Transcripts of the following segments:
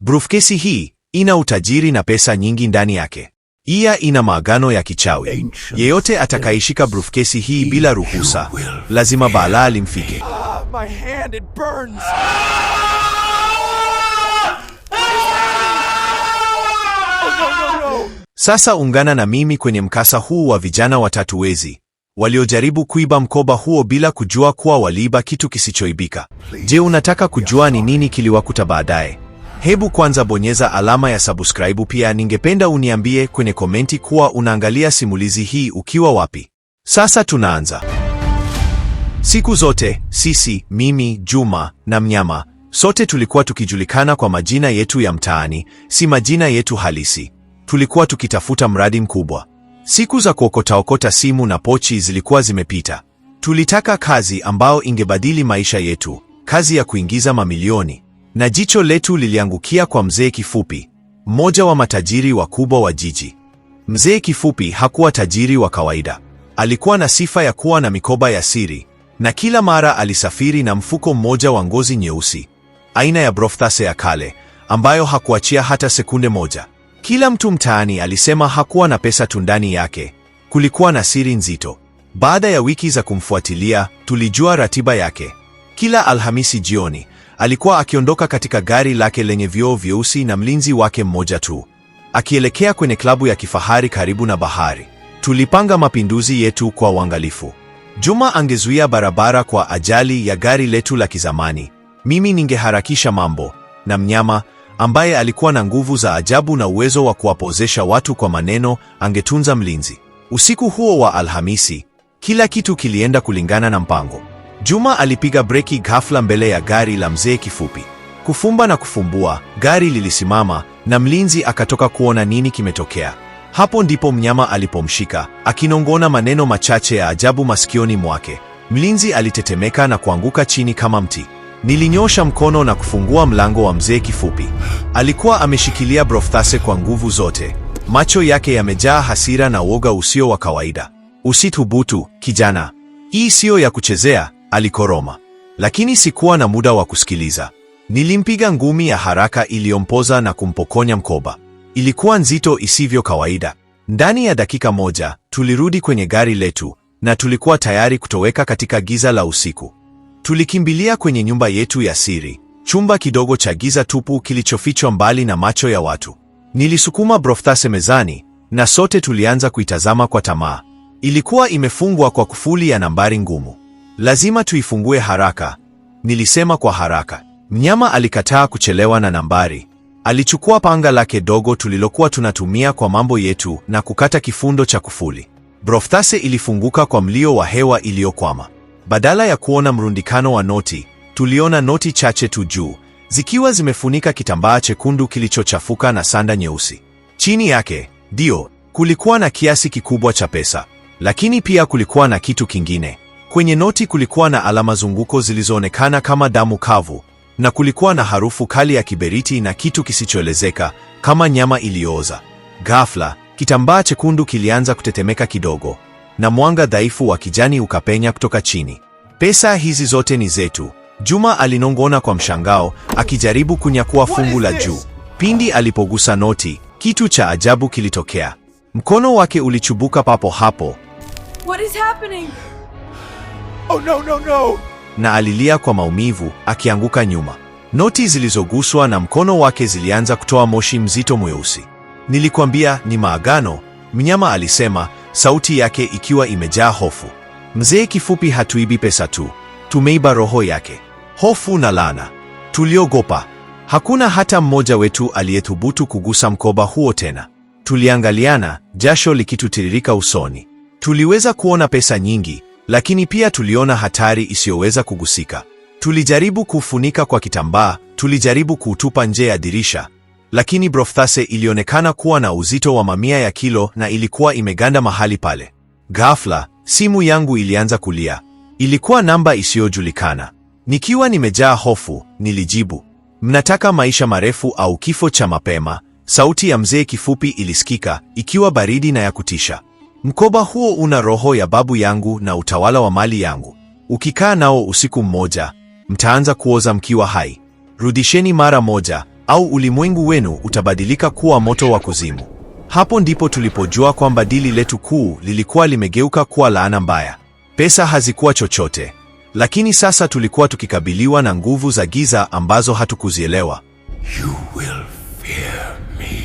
Brufkesi hii ina utajiri na pesa nyingi ndani yake. Iya ina maagano ya kichawi. Yeyote atakaishika brufkesi hii bila ruhusa, lazima balaa limfike. Ah, Sasa ungana na mimi kwenye mkasa huu wa vijana watatu wezi waliojaribu kuiba mkoba huo bila kujua kuwa waliiba kitu kisichoibika. Je, unataka kujua ni nini kiliwakuta baadaye? Hebu kwanza bonyeza alama ya subscribe. Pia ningependa uniambie kwenye komenti kuwa unaangalia simulizi hii ukiwa wapi. Sasa tunaanza. Siku zote sisi, mimi, Juma na Mnyama, sote tulikuwa tukijulikana kwa majina yetu ya mtaani, si majina yetu halisi. Tulikuwa tukitafuta mradi mkubwa. Siku za kuokotaokota simu na pochi zilikuwa zimepita. Tulitaka kazi ambayo ingebadili maisha yetu, kazi ya kuingiza mamilioni na jicho letu liliangukia kwa mzee Kifupi, mmoja wa matajiri wakubwa wa jiji. Mzee Kifupi hakuwa tajiri wa kawaida. Alikuwa na sifa ya kuwa na mikoba ya siri, na kila mara alisafiri na mfuko mmoja wa ngozi nyeusi, aina ya brofthase ya kale, ambayo hakuachia hata sekunde moja. Kila mtu mtaani alisema hakuwa na pesa tu ndani yake. Kulikuwa na siri nzito. Baada ya wiki za kumfuatilia, tulijua ratiba yake. Kila Alhamisi jioni Alikuwa akiondoka katika gari lake lenye vioo vyeusi na mlinzi wake mmoja tu, akielekea kwenye klabu ya kifahari karibu na bahari. Tulipanga mapinduzi yetu kwa uangalifu. Juma angezuia barabara kwa ajali ya gari letu la kizamani, mimi ningeharakisha mambo, na mnyama ambaye alikuwa na nguvu za ajabu na uwezo wa kuwapozesha watu kwa maneno angetunza mlinzi. Usiku huo wa Alhamisi, kila kitu kilienda kulingana na mpango. Juma alipiga breki ghafla mbele ya gari la mzee Kifupi. Kufumba na kufumbua, gari lilisimama na mlinzi akatoka kuona nini kimetokea. Hapo ndipo mnyama alipomshika, akinongona maneno machache ya ajabu masikioni mwake. Mlinzi alitetemeka na kuanguka chini kama mti. Nilinyosha mkono na kufungua mlango wa mzee Kifupi. Alikuwa ameshikilia Brofthase kwa nguvu zote, macho yake yamejaa hasira na woga usio wa kawaida. Usithubutu kijana, hii siyo ya kuchezea alikoroma, lakini sikuwa na muda wa kusikiliza. Nilimpiga ngumi ya haraka iliyompoza na kumpokonya mkoba. Ilikuwa nzito isivyo kawaida. Ndani ya dakika moja tulirudi kwenye gari letu na tulikuwa tayari kutoweka katika giza la usiku. Tulikimbilia kwenye nyumba yetu ya siri, chumba kidogo cha giza tupu kilichofichwa mbali na macho ya watu. Nilisukuma Brofthase mezani na sote tulianza kuitazama kwa tamaa. Ilikuwa imefungwa kwa kufuli ya nambari ngumu. Lazima tuifungue haraka, nilisema kwa haraka. Mnyama alikataa kuchelewa na nambari. Alichukua panga lake dogo tulilokuwa tunatumia kwa mambo yetu na kukata kifundo cha kufuli. Brofthase ilifunguka kwa mlio wa hewa iliyokwama. Badala ya kuona mrundikano wa noti, tuliona noti chache tu juu, zikiwa zimefunika kitambaa chekundu kilichochafuka na sanda nyeusi. Chini yake, ndio, kulikuwa na kiasi kikubwa cha pesa, lakini pia kulikuwa na kitu kingine. Kwenye noti kulikuwa na alama zunguko zilizoonekana kama damu kavu, na kulikuwa na harufu kali ya kiberiti na kitu kisichoelezeka kama nyama iliyooza. Ghafla, kitambaa chekundu kilianza kutetemeka kidogo, na mwanga dhaifu wa kijani ukapenya kutoka chini. Pesa hizi zote ni zetu, Juma alinong'ona kwa mshangao, akijaribu kunyakua fungu la juu. Pindi alipogusa noti, kitu cha ajabu kilitokea. Mkono wake ulichubuka papo hapo. What is happening? oh, no, no, no, na alilia kwa maumivu akianguka nyuma. Noti zilizoguswa na mkono wake zilianza kutoa moshi mzito mweusi. Nilikwambia ni maagano, mnyama alisema, sauti yake ikiwa imejaa hofu. Mzee Kifupi hatuibi pesa tu, tumeiba roho yake, hofu na laana. Tuliogopa, hakuna hata mmoja wetu aliyethubutu kugusa mkoba huo tena. Tuliangaliana, jasho likitutiririka usoni. Tuliweza kuona pesa nyingi, lakini pia tuliona hatari isiyoweza kugusika. Tulijaribu kufunika kwa kitambaa, tulijaribu kuutupa nje ya dirisha, lakini brofthase ilionekana kuwa na uzito wa mamia ya kilo na ilikuwa imeganda mahali pale. Ghafla simu yangu ilianza kulia. Ilikuwa namba isiyojulikana. Nikiwa nimejaa hofu, nilijibu, mnataka maisha marefu au kifo cha mapema? Sauti ya mzee kifupi ilisikika, ikiwa baridi na ya kutisha. Mkoba huo una roho ya babu yangu na utawala wa mali yangu. Ukikaa nao usiku mmoja, mtaanza kuoza mkiwa hai. Rudisheni mara moja, au ulimwengu wenu utabadilika kuwa moto wa kuzimu. Hapo ndipo tulipojua kwamba dili letu kuu lilikuwa limegeuka kuwa laana mbaya. Pesa hazikuwa chochote, lakini sasa tulikuwa tukikabiliwa na nguvu za giza ambazo hatukuzielewa. You will fear me.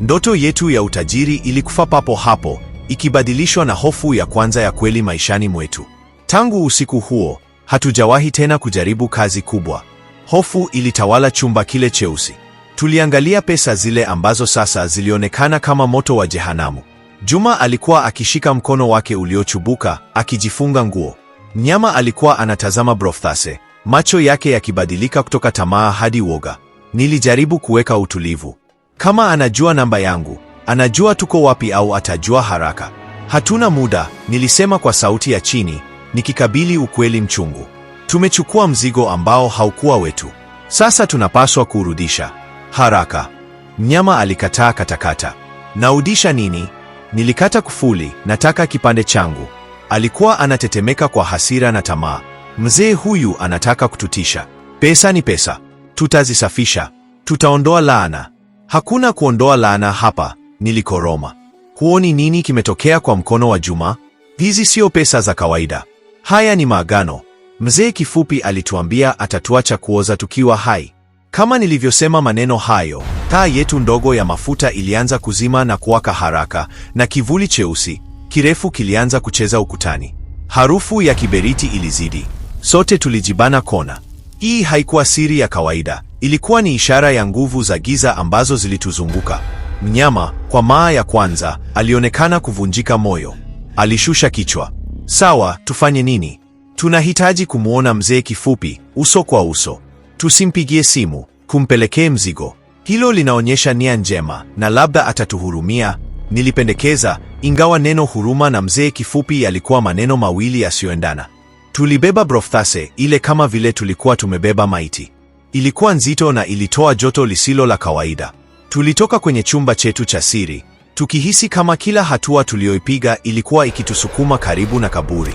Ndoto yetu ya utajiri ilikufa papo hapo, ikibadilishwa na hofu ya kwanza ya kweli maishani mwetu. Tangu usiku huo, hatujawahi tena kujaribu kazi kubwa. Hofu ilitawala chumba kile cheusi. Tuliangalia pesa zile ambazo sasa zilionekana kama moto wa jehanamu. Juma alikuwa akishika mkono wake uliochubuka, akijifunga nguo. Mnyama alikuwa anatazama Brofthase, macho yake yakibadilika kutoka tamaa hadi woga. Nilijaribu kuweka utulivu. Kama anajua namba yangu Anajua tuko wapi au atajua haraka. Hatuna muda, nilisema kwa sauti ya chini, nikikabili ukweli mchungu. Tumechukua mzigo ambao haukuwa wetu. Sasa tunapaswa kurudisha haraka. Mnyama alikataa katakata. Naudisha nini? Nilikata kufuli, nataka kipande changu. Alikuwa anatetemeka kwa hasira na tamaa. Mzee huyu anataka kututisha. Pesa ni pesa, tutazisafisha, tutaondoa laana. Hakuna kuondoa laana hapa, nilikoroma. Huoni nini kimetokea kwa mkono wa Juma? Hizi sio pesa za kawaida, haya ni maagano. Mzee Kifupi alituambia atatuacha kuoza tukiwa hai. Kama nilivyosema maneno hayo, taa yetu ndogo ya mafuta ilianza kuzima na kuwaka haraka, na kivuli cheusi kirefu kilianza kucheza ukutani. Harufu ya kiberiti ilizidi, sote tulijibana kona. Hii haikuwa siri ya kawaida, ilikuwa ni ishara ya nguvu za giza ambazo zilituzunguka. Mnyama kwa mara ya kwanza alionekana kuvunjika moyo. Alishusha kichwa. Sawa, tufanye nini? Tunahitaji kumwona mzee kifupi uso kwa uso. Tusimpigie simu, kumpelekee mzigo. Hilo linaonyesha nia njema na labda atatuhurumia, nilipendekeza, ingawa neno huruma na mzee kifupi yalikuwa maneno mawili yasiyoendana. Tulibeba brofthase ile kama vile tulikuwa tumebeba maiti. Ilikuwa nzito na ilitoa joto lisilo la kawaida. Tulitoka kwenye chumba chetu cha siri tukihisi kama kila hatua tuliyoipiga ilikuwa ikitusukuma karibu na kaburi.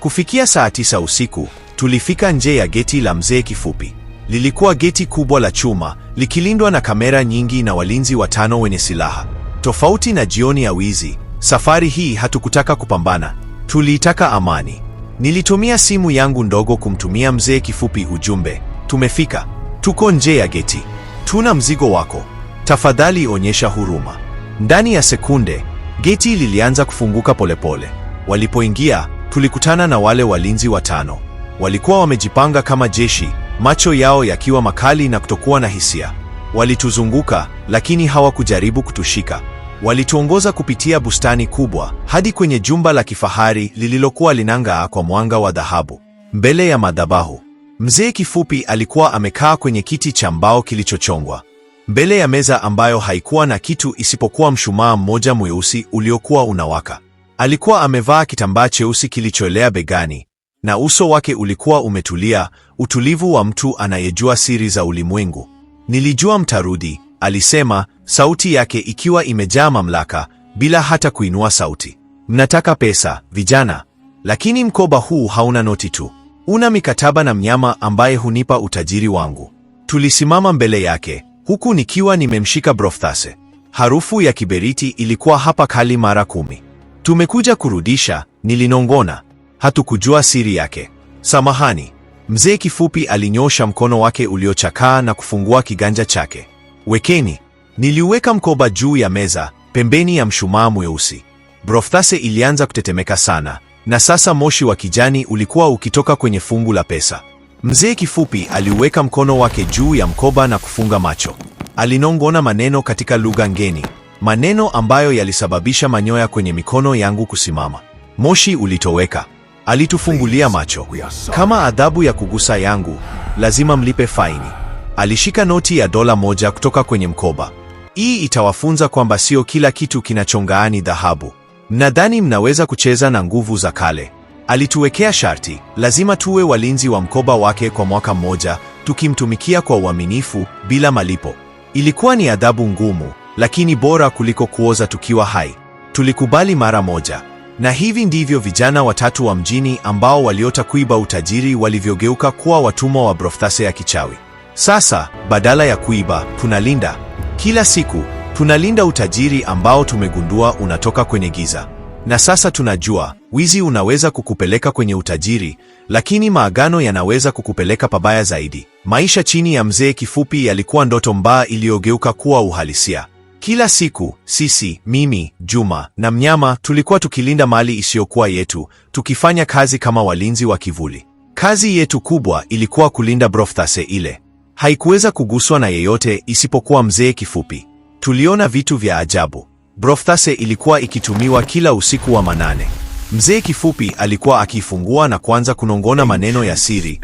Kufikia saa tisa usiku, tulifika nje ya geti la mzee Kifupi. Lilikuwa geti kubwa la chuma likilindwa na kamera nyingi na walinzi watano wenye silaha. Tofauti na jioni ya wizi, safari hii hatukutaka kupambana, tuliitaka amani. Nilitumia simu yangu ndogo kumtumia mzee Kifupi ujumbe. Tumefika, tuko nje ya geti, tuna mzigo wako, tafadhali onyesha huruma. Ndani ya sekunde geti lilianza kufunguka polepole. Walipoingia tulikutana na wale walinzi watano. Walikuwa wamejipanga kama jeshi, macho yao yakiwa makali na kutokuwa na hisia. Walituzunguka lakini hawakujaribu kutushika. Walituongoza kupitia bustani kubwa hadi kwenye jumba la kifahari lililokuwa linang'aa kwa mwanga wa dhahabu. Mbele ya madhabahu Mzee Kifupi alikuwa amekaa kwenye kiti cha mbao kilichochongwa mbele ya meza ambayo haikuwa na kitu isipokuwa mshumaa mmoja mweusi uliokuwa unawaka. Alikuwa amevaa kitambaa cheusi kilichoelea begani na uso wake ulikuwa umetulia, utulivu wa mtu anayejua siri za ulimwengu. Nilijua mtarudi, alisema, sauti yake ikiwa imejaa mamlaka bila hata kuinua sauti. Mnataka pesa, vijana, lakini mkoba huu hauna noti tu. Una mikataba na mnyama ambaye hunipa utajiri wangu. Tulisimama mbele yake huku nikiwa nimemshika Brofthase. Harufu ya kiberiti ilikuwa hapa kali mara kumi. Tumekuja kurudisha, nilinongona. Hatukujua siri yake. Samahani. Mzee Kifupi alinyosha mkono wake uliochakaa na kufungua kiganja chake. Wekeni. Niliweka mkoba juu ya meza pembeni ya mshumaa mweusi. Brofthase ilianza kutetemeka sana na sasa moshi wa kijani ulikuwa ukitoka kwenye fungu la pesa. Mzee Kifupi aliuweka mkono wake juu ya mkoba na kufunga macho. Alinong'ona maneno katika lugha ngeni, maneno ambayo yalisababisha manyoya kwenye mikono yangu kusimama. Moshi ulitoweka. Alitufungulia macho. Kama adhabu ya kugusa yangu, lazima mlipe faini. Alishika noti ya dola moja kutoka kwenye mkoba. Hii itawafunza kwamba sio kila kitu kinachong'aa ni dhahabu nadhani mnaweza kucheza na nguvu za kale? Alituwekea sharti, lazima tuwe walinzi wa mkoba wake kwa mwaka mmoja, tukimtumikia kwa uaminifu bila malipo. Ilikuwa ni adhabu ngumu, lakini bora kuliko kuoza tukiwa hai. Tulikubali mara moja, na hivi ndivyo vijana watatu wa mjini ambao waliota kuiba utajiri walivyogeuka kuwa watumwa wa brofthase ya kichawi. Sasa badala ya kuiba, tunalinda kila siku. Tunalinda utajiri ambao tumegundua unatoka kwenye giza. Na sasa tunajua wizi unaweza kukupeleka kwenye utajiri, lakini maagano yanaweza kukupeleka pabaya zaidi. Maisha chini ya mzee Kifupi yalikuwa ndoto mbaya iliyogeuka kuwa uhalisia. Kila siku sisi, mimi, Juma na mnyama tulikuwa tukilinda mali isiyokuwa yetu, tukifanya kazi kama walinzi wa kivuli. Kazi yetu kubwa ilikuwa kulinda broftase ile. Haikuweza kuguswa na yeyote isipokuwa mzee Kifupi. Tuliona vitu vya ajabu. Brofthase ilikuwa ikitumiwa kila usiku wa manane. Mzee Kifupi alikuwa akifungua na kuanza kunongona maneno ya siri.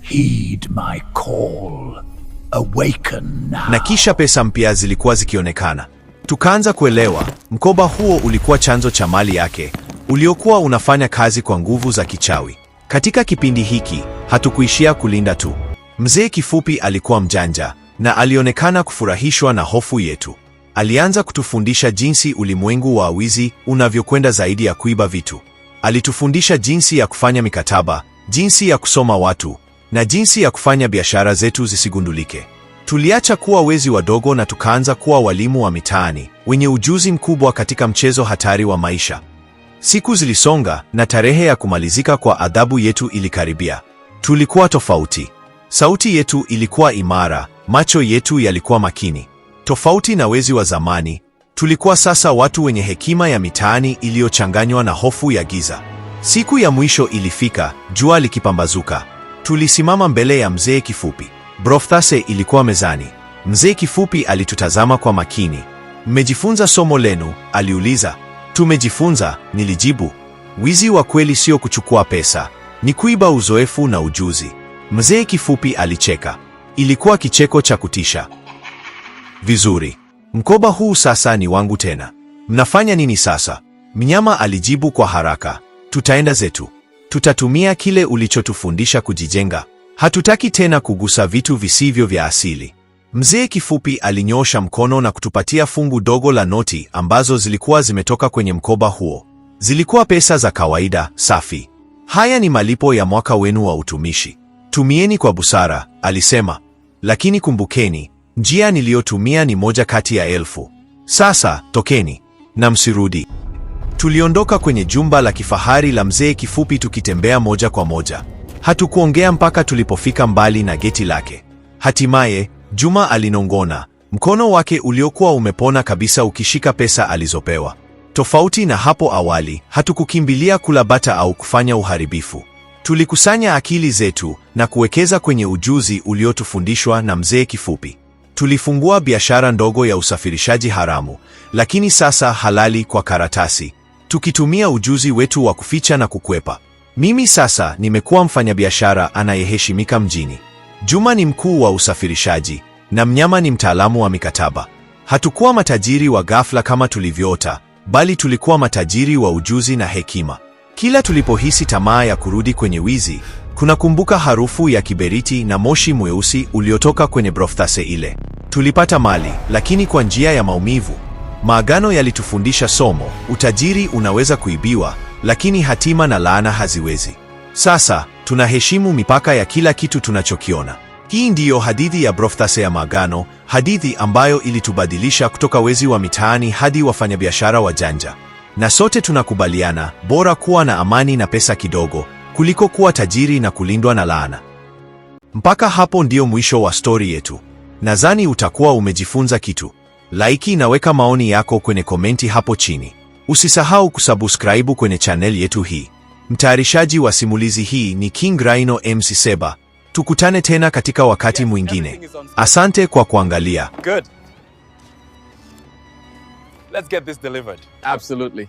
Heed my call. Awaken now. Na kisha pesa mpya zilikuwa zikionekana. Tukaanza kuelewa mkoba huo ulikuwa chanzo cha mali yake, uliokuwa unafanya kazi kwa nguvu za kichawi. Katika kipindi hiki hatukuishia kulinda tu. Mzee Kifupi alikuwa mjanja na alionekana kufurahishwa na hofu yetu. Alianza kutufundisha jinsi ulimwengu wa wizi unavyokwenda zaidi ya kuiba vitu. Alitufundisha jinsi ya kufanya mikataba, jinsi ya kusoma watu na jinsi ya kufanya biashara zetu zisigundulike. Tuliacha kuwa wezi wadogo na tukaanza kuwa walimu wa mitaani wenye ujuzi mkubwa katika mchezo hatari wa maisha. Siku zilisonga na tarehe ya kumalizika kwa adhabu yetu ilikaribia. Tulikuwa tofauti. Sauti yetu ilikuwa imara Macho yetu yalikuwa makini. Tofauti na wezi wa zamani, tulikuwa sasa watu wenye hekima ya mitaani iliyochanganywa na hofu ya giza. Siku ya mwisho ilifika, jua likipambazuka. Tulisimama mbele ya mzee Kifupi. Brofthase ilikuwa mezani. Mzee Kifupi alitutazama kwa makini. Mmejifunza somo lenu? aliuliza. Tumejifunza, nilijibu. Wizi wa kweli sio kuchukua pesa, ni kuiba uzoefu na ujuzi. Mzee Kifupi alicheka. Ilikuwa kicheko cha kutisha. Vizuri, mkoba huu sasa ni wangu tena. Mnafanya nini sasa? Mnyama alijibu kwa haraka, tutaenda zetu, tutatumia kile ulichotufundisha kujijenga. Hatutaki tena kugusa vitu visivyo vya asili. Mzee Kifupi alinyoosha mkono na kutupatia fungu dogo la noti ambazo zilikuwa zimetoka kwenye mkoba huo. Zilikuwa pesa za kawaida safi. Haya ni malipo ya mwaka wenu wa utumishi, tumieni kwa busara, alisema. Lakini kumbukeni, njia niliyotumia ni moja kati ya elfu. Sasa tokeni na msirudi. Tuliondoka kwenye jumba la kifahari la mzee Kifupi tukitembea moja kwa moja. Hatukuongea mpaka tulipofika mbali na geti lake. Hatimaye Juma alinongona, mkono wake uliokuwa umepona kabisa ukishika pesa alizopewa. Tofauti na hapo awali, hatukukimbilia kula bata au kufanya uharibifu. Tulikusanya akili zetu na kuwekeza kwenye ujuzi uliotufundishwa na mzee Kifupi. Tulifungua biashara ndogo ya usafirishaji haramu, lakini sasa halali kwa karatasi, tukitumia ujuzi wetu wa kuficha na kukwepa. Mimi sasa nimekuwa mfanyabiashara anayeheshimika mjini. Juma ni mkuu wa usafirishaji na Mnyama ni mtaalamu wa mikataba. Hatukuwa matajiri wa ghafla kama tulivyoota, bali tulikuwa matajiri wa ujuzi na hekima. Kila tulipohisi tamaa ya kurudi kwenye wizi, tunakumbuka harufu ya kiberiti na moshi mweusi uliotoka kwenye brothase ile. Tulipata mali, lakini kwa njia ya maumivu. Maagano yalitufundisha somo: utajiri unaweza kuibiwa, lakini hatima na laana haziwezi. Sasa tunaheshimu mipaka ya kila kitu tunachokiona. Hii ndiyo hadithi ya brothase ya Maagano, hadithi ambayo ilitubadilisha kutoka wezi wa mitaani hadi wafanyabiashara wa janja na sote tunakubaliana, bora kuwa na amani na pesa kidogo kuliko kuwa tajiri na kulindwa na laana. Mpaka hapo ndio mwisho wa stori yetu. Nadhani utakuwa umejifunza kitu. Laiki inaweka maoni yako kwenye komenti hapo chini. Usisahau kusubscribe kwenye channel yetu hii. Mtayarishaji wa simulizi hii ni King Rhino MC Seba. Tukutane tena katika wakati mwingine. Asante kwa kuangalia. Good. Let's get this delivered. Absolutely.